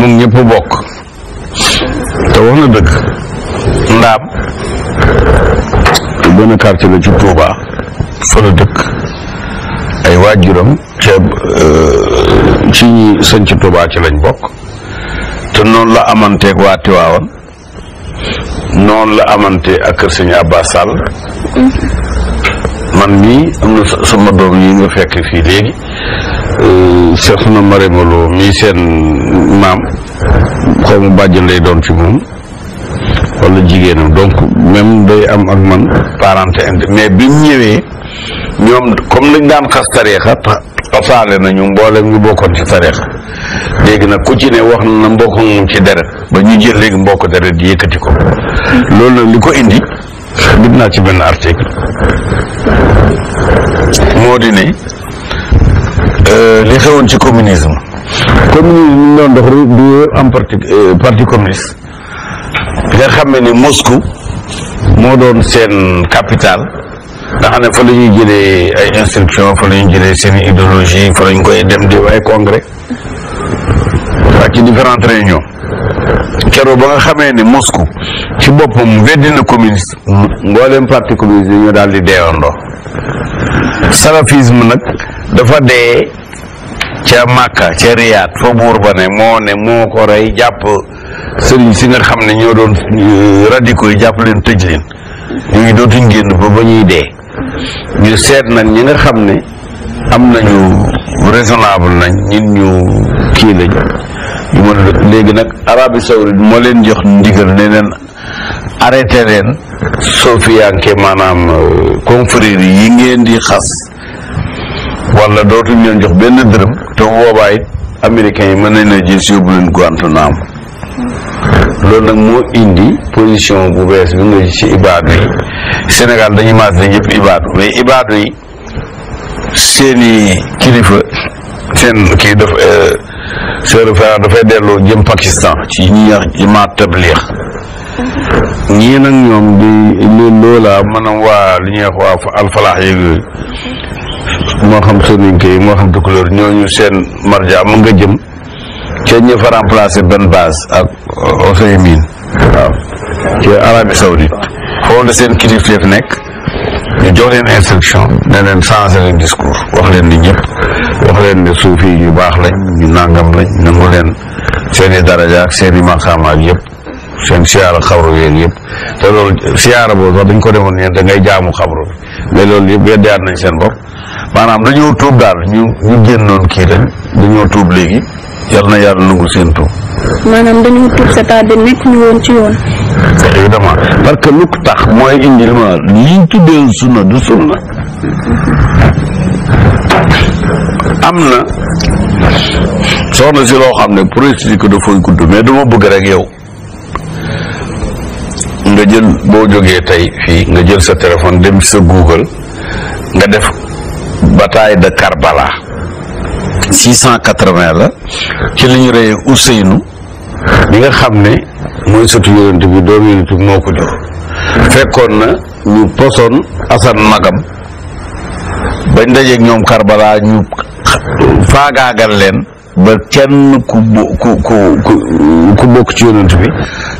moom ñëpp bokk te wax na dëgg ndaam benn quartier la ci Touba fa la dëkk ay waajuram ceeb euh, ci ñi sëñ ci Touba ci lañ bokk te noonu la amanteeg waa Tiwaawan noonu la amante ak kër sëñ Abba Sall mm-hmm. man mii am na sama doom yi nga fekk fii léegi seex na Marème Lo mii seen maam xaw ma bàjjan lay doon ci moom wala jigéenam donc même day am ak man parenté indi mais bi mu ñëwee ñoom comme lañ daan xas tariixa tasaale nañu mboolem ñu bokkoon ci tariixa léegi nag ku ci ne wax na mbokk moom ci deret ba ñu jël léegi mbokk deret yëkkati ko loolu nag li ko indi bind naa ci benn article moo di ne Euh, li xewoon ci communisme communisme ñu doon dox du am parti euh, parti communiste bi nga xam ne ni Moscou moo doon seen capital nga xam ne fa la ñuy jëlee ay instruction fa la ñuy jëlee seen idéologie fa la koy dem di ay congrès ak ci différentes réunions keroog ba nga xamee ni Moscou ci boppam weddi na communiste mbooleem parti communiste yi daal di deeyandoo salafisme nag dafa dee ca Màkka ca Riyaad foo buur ba ne moo ne moo ko rey jàpp sëriñ si nga xam ne ñoo doon euh, radiko yi jàpp leen tëj leen ñooñu dootuñ génn ba ba ñuy dee ñu seet nag ñi nga xam ne am nañu raisonnable nañ ñun ñu kii lañ léegi nag Arabie Saoudite moo leen jox ndigal ne leen arrêté leen soo fi yànkee maanaam euh, confrérie yi ngeen di xas wala dootuñ leen jox benn dërëm te bu boobaa it yi mën nañ la jël si yóbbu leen Guantanamo loolu nag moo indi position bu bees bi nga ci ibaadu yi Sénégal dañuy maas ne ñëpp ibaadu mais ibaadu yi seeni kilifa seen kii daf euh, dafay delloo jëm Pakistan ci ñi wax jamaat tabliix ñii nag ñoom di loolaa mën a waa li ñuy wax waa alfalaax yeeg moo xam soninke yi moo xam ñoo ñu seen marja mu nga jëm ca ñi fa remplacer benn base ak euh, Ousseymine waaw ci Arabie Saoudite foofu la seen kilifteef nekk ñu jox leen instruction ne leen changer leen discours wax leen ni ñëpp wax leen ne suufi yi ñu baax lañ ñu nàngam lañ nangu leen seen i daraja ak seen i maqaama ak yëpp seen siyaara xabru yéen yëpp te loolu siyaara boobu sax dañ ko demoon yéen da ngay jaamu xabru bi mais loolu yëpp weddiwaat nañ seen bopp maanaam dañoo tuub daal ñu ñu génnoon kii la dañoo tuub léegi yal na yàlla nangu seen tuub. maanaam dañoo tuub cest à nekk ñu woon ci yoon. évidemment parce que lu tax mooy indi li ma liñ tuddee sunna du sunna am na soxna si loo xam ne pour expliquer ko dafay gudd mais dama bëgg rek yow nga jël boo jógee tey fii nga jël sa téléphone dem sa Google nga def. bataille de Karbala 680 la ci la ñu reyee Ousseynou li nga xam ni mooy sëtu yonent bi doomu yonent bi moo ko jur fekkoon na ñu posoon Asan magam bañ dajeeg ñoom Karbala ñu faagaagal leen ba kenn ku bokk ci yonent bi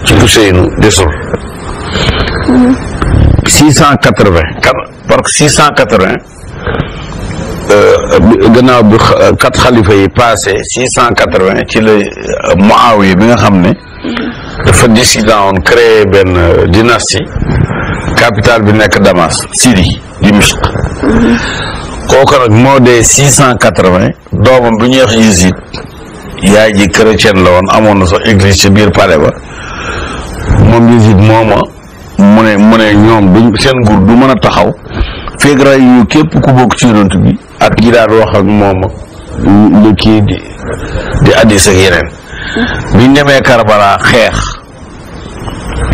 ci Ousseynou desul mm-hmm. six cent quatre-vingt parce que six cent quatre-vingt Euh, euh, gannaaw bi euh, quatre xalifa yi passé six cent quatre-vingt ci la Muawiya bi nga xam ne mm-hmm. dafa décidé créer benn dynastie capitale bi nekk Damas Syrie Dimashq mm-hmm. kooku nag moo dee cent quatre-vingt doomam bu ñuy wax Yazid yaay ji chrétienne la woon amoon na sax église ci biir pare ba moom Yazid mooma mu ne mu ne ñoom duñ seen nguur du mën a taxaw feeg ray yu képp ku bokk ci yonent bi ak yi daan wax ak moom lu kii di di addis ak yeneen biñ demee karbalaa xeex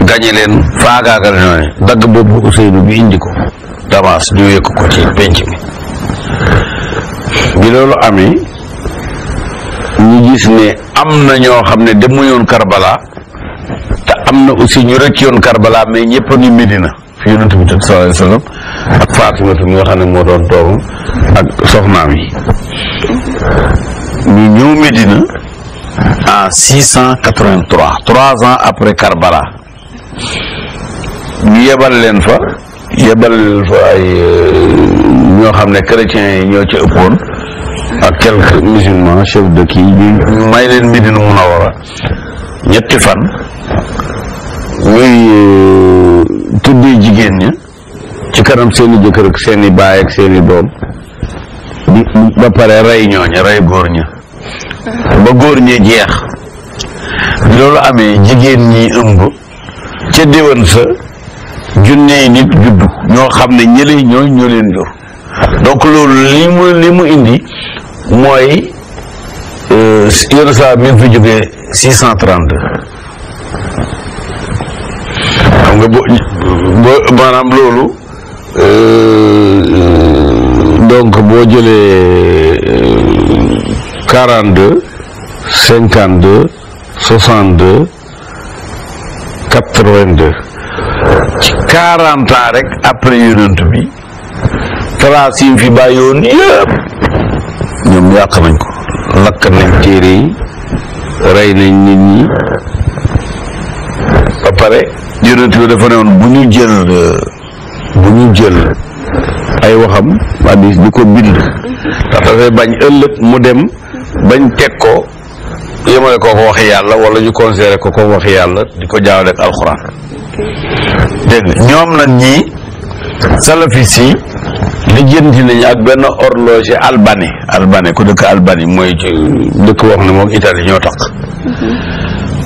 gañe leen faagaagal ñooñu dagg boobu Ousseynou bi indi ko Damas ñu yëkk ko ci penc mi bi loolu amee ñu gis ne am na ñoo xam ne demuyoon Karbala te am na aussi ñu rëcc yoon Karbala mais ñëpp a ngi Medina fi yonent bi sallallahu alayhi wa sallam Faatimatu mi nga xam moo doon doom ak soxnaam yi ñu ñëw Medina en trois ans après Karbala ñu yebal leen fa yebal leen fa ay euh, ñoo xam ne chrétiens yi ñoo ci ëppoon ak quelques musulmans chef de kii ñu may leen Medina Munawara ñetti fan ñuy euh, tuddee jigéen ñi ci kanam seeni jëkkër ak seeni baay ak seeni doom ba pare rey ñooña rey góor ña ba góor ña jeex loolu amee jigéen ñi ëmb ca déwén sa junney nit judd ñoo xam ne ñële ñooy ñoo leen jur donc loolu li mu li mu indi mooy euh, yenn saa mi fi jógee six cent trente xam nga loolu Euh, donc boo jëlee euh, quarante deux cinquante deux soixante deux quatre vingt deux quarante ans rek après yonent bi trace yi fi bàyyi woon yëpp ñoom yàq nañ ko lakk nañ téere yi rey nañ nit ñi ba pare bi dafa ne woon bu ñu jël euh, bu ñu jël ay waxam hadiis di ko bind ndax dafay bañ ëllëg mu dem bañ teg ko yemale ko ko waxi yàlla wala ñu considéré ko ko waxi yàlla di ko jaawale ak alxuraan dégg ñoom nag ñii salafis yi lijjanti nañu ak benn horloger albani albani ku dëkk albani mooy dëkk wax ne moom Italie ñoo tax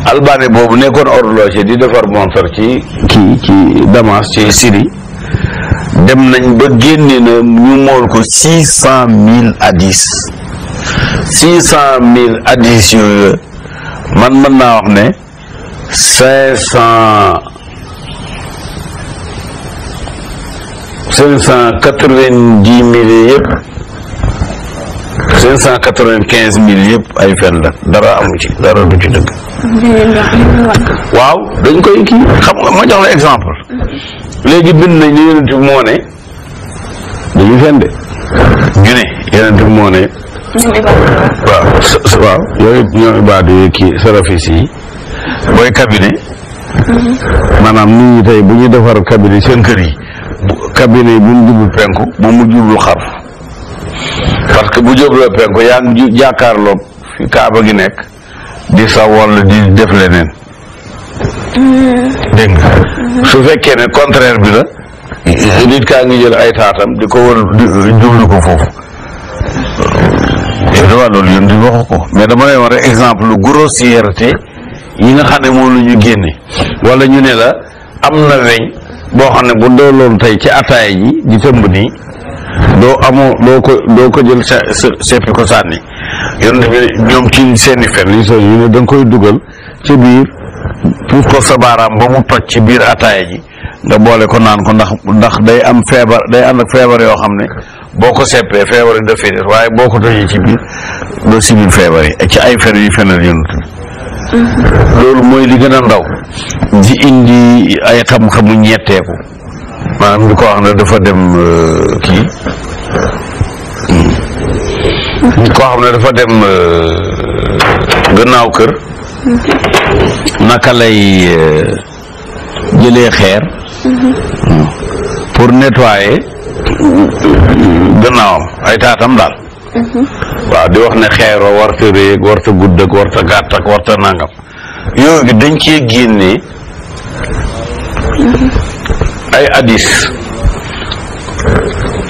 albani boobu nekkoon horloger di defar montre ci kii ci Damas ci Syrie dem nañ ba génne na ñu mool ko six cent mille hadis six cent mille hadis yooyu man mën naa wax ne cinq cent quatre-vingt-dix mille yëpp cinq cent quatre-vingt-quinze mille yëpp ay fen la dara amu ci dara du ci dëkk waaw dañ koy kii xam nga ma jox la exemple. léegi bind nañ ne yonent bi moo ne. dañuy fen de. ñu ne yonent bi moo ne. waaw waaw yooyu ñoom ibaadu yi kii sarafis yi booy cabinet maanaam nit ñi tey bu ñuy defar cabinet seen kër yi cabinet yi bu mu jublu penku bu mu jublu xarf parce que bu jubloo penku yaa ngi jàkkaarloo fi kaaba gi nekk di saw walla di def leneen mm-hmm. dégg nga mm-hmm. su fekkee ne contraire bi la nit kaa ngi jël ay taatam di ko wër di jublu ko foofu waaw eh, loolu yéen di waxu ko mais dama lay wax rek exemple grossièreté yi nga xam ne moom lu ñu génne walla ñu ne la am na weñ boo xam ne bu dooloon tey ci ataay ji di tëmb nii doo amoo doo ko doo ko jël seppi ko sànni yonent bi ñoom ci seeni fen yi so ñu ne da koy dugal ci biir puus ko sa baaraam ba mu toj ci biir ataaya ji nga boole ko naan ko ndax ndax day am feebar day ànd ak feebar yoo xam ne boo ko seppee feebar yi dafay des waaye boo ko tojee ci biir doo simil feebar yi ci ay fen yu fenal yonent bi loolu mooy li gën a ndaw di indi ay xam-xamu ñetteeku maanaam di ko wax ne dafa dem euh, kii koo xam ne dafa dem euh, gannaaw kër naka lay euh, jëlee xeer mm-hmm. pour nettoyer gannaawam ay taatam daal mm-hmm. waaw di wax ne xeer wa warta réeg warta gudd warta gàtt warta nangam yooyu dañ cee génne mm-hmm. ay hadis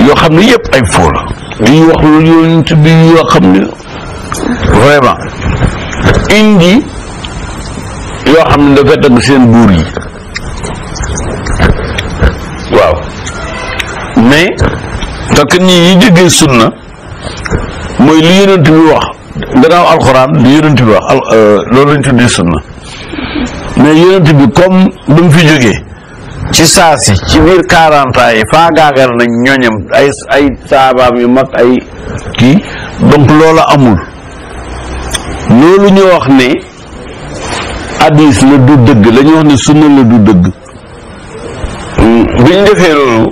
yoo xam ne yëpp ay foo di wax lu yonent bi yoo xam ne vraiment indi yoo xam ne dafa tagg seen buur yi waaw mais parce que ñii yi jógee sunna mooy li yonent bi wax gannaaw alxuraan li yonent bi wax euh, loolu lañ tuddee sunna mais yonent bi comme ba mu fi jógee ci saa si ci biir quarante ans yi faagaagal nañ ñoñam ay saabaam yu mag ay kii donc loola amul loolu ñu wax ni hadis la du dëgg la ñu wax ne sunna la du dëgg bi ñu loolu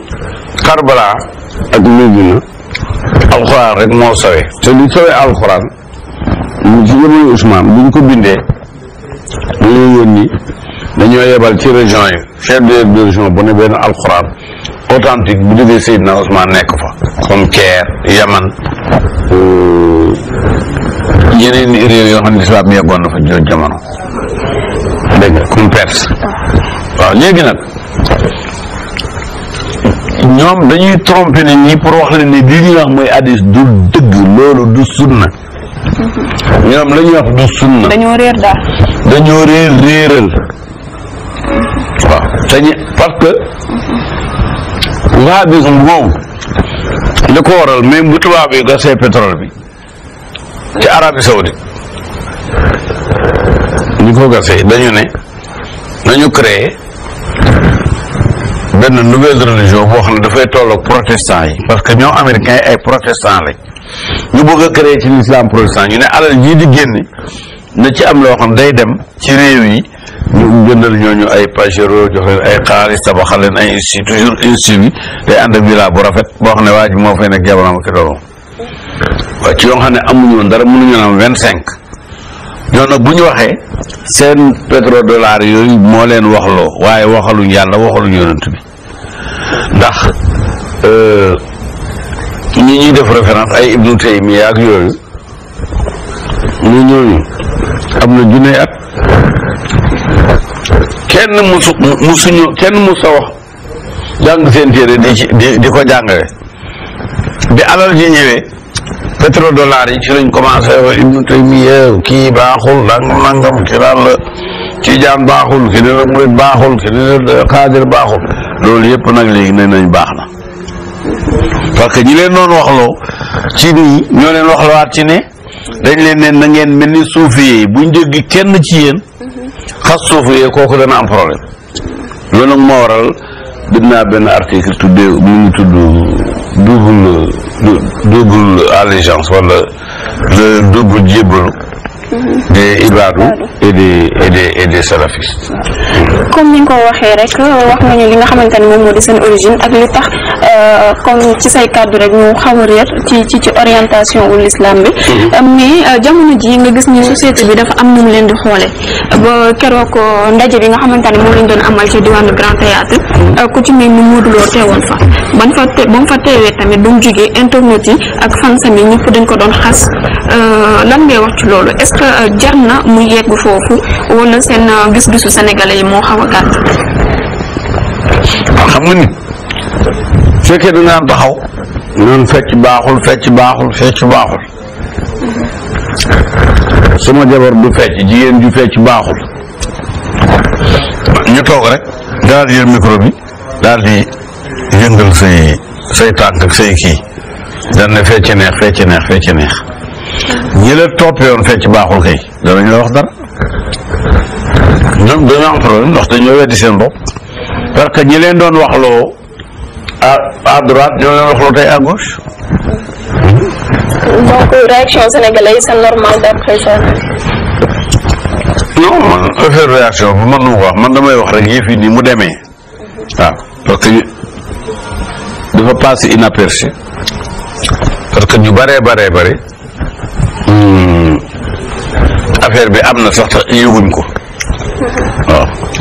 Karbala ak Medina alxuraan rek moo sawee te lu sawee alxuraan mu ci jamono Usmaan buñ ko bindee mu yónni lañu yebal ci région yi chef de région bu ne benn alxuraan authentique bu jógee Seydina Ousmane nekk fa comme Caire Yaman euh, yeneen réew yoo xam ne lislaam yeggoon na fa jooju jamono dégg nga comme Perse léegi nag ñoom dañuy tromper nit ñi pour wax ni li ñuy wax mooy hadis du dëgg loolu du sunna mm-hmm. ñoom la ñuy wax du sunna dañoo réer daal waaw te ñu parce que waa bi moom ko waral même bu tubaab yi gasee pétrole bi ci Arabie Saoudite ñu ko gasee dañu ne nañu créer benn nouvelle religion boo xam ne dafay tolloog protestant yi parce que ñoom américains ay protestant lañ ñu bëgg a créer ci l'islam protestant ñu ne alal jii di génne na ci am loo xam day dem ci réew yi ñu jëndal ñooñu ay pajero jox leen ay xaalis tabaxal leen ay institut toujours institut bi day ànd ak villa bu rafet boo xam ne waa ji moo fay nekk jabaram ki doomam ci yoo xam ne amuñu dara mënuñu am vingt cinq ñoo nag bu ñu waxee seen petro pétrodollars yooyu moo leen waxloo waaye waxaluñ yàlla waxaluñ yonent bi ndax euh, ñu ñuy def référence ay Ibnu Taymiya ak yooyu ñu ñooñu am na junne at kenn musu musuñu kenn musa wax jàng seen téere di di ko jàngale bi alal ji ñëwee pétro dollar yi ci lañ commencé wa ibnu taymiya kii baaxul nangam nangam ki daal la kii jaan baaxul ki dina murit baaxul ki dina xaadir baaxul loolu yëpp nag léegi ne nañ baax na parce que ñi leen doon waxloo ci nii ñoo leen waxlawaat ci ne dañ leen ne na ngeen mel ni suufiyee buñ dégg kenn ci yéen xas suufiyee kooku dana am problème loolu nag moo waral bind naa benn article tuddee mu ngi tudd double double allégeance wala double jébbalu et Ibadu et des et des et comme ni nga ko waxee rek wax nga nga xamante ne moom moo di seen origine ak li tax euh, comme ci say kàddu rek ñu xaw ci ci ci orientation wu l'islam bi. Mhm. mais euh, jamono ji nga gis ni société bi dafa am nu leen di xoolee ba keroog euh, ndaje bi nga xamante ne moom lañ doon amal ci diwaanu Grand Théâtre ku ci mel ni Modou Lo teewoon fa ban fa te ba mu fa teewee tamit bu mu jugee internet yi ak fansam yi ñëpp dañ ko doon xas lan ngay wax ci loolu Euh, jar na mu yegg foofu wala seen euh, gis-gisu sénégalais yi moo xaw a gàtt. Ah, xam nga ni fekkee da naan taxaw noonu fecc baaxul fecc baaxul fecc baaxul sama jabar du fecc jigéen ju fecc baaxul ñu toog rek daal di jël micro bi daal di yëngal say say tànk ak say kii daan ne fecc neex fecc neex fecc neex. ñi la toppee woon fecc baaxul kay danañ la wax dara ñoom dañoo am problème ndax dañoo weddi seen bopp parce que ñi leen doon waxloo à à droite ñoo leen waxloo tey à gauche. donc normal d'après ça. non man affaire réaction bi man nu ko wax man damay wax rek yëf yi mu demee waaw parce que dafa passé inaperçu parce que ñu baree baree bare. Hmm. affaire bi am na sax te yëguñ ko waaw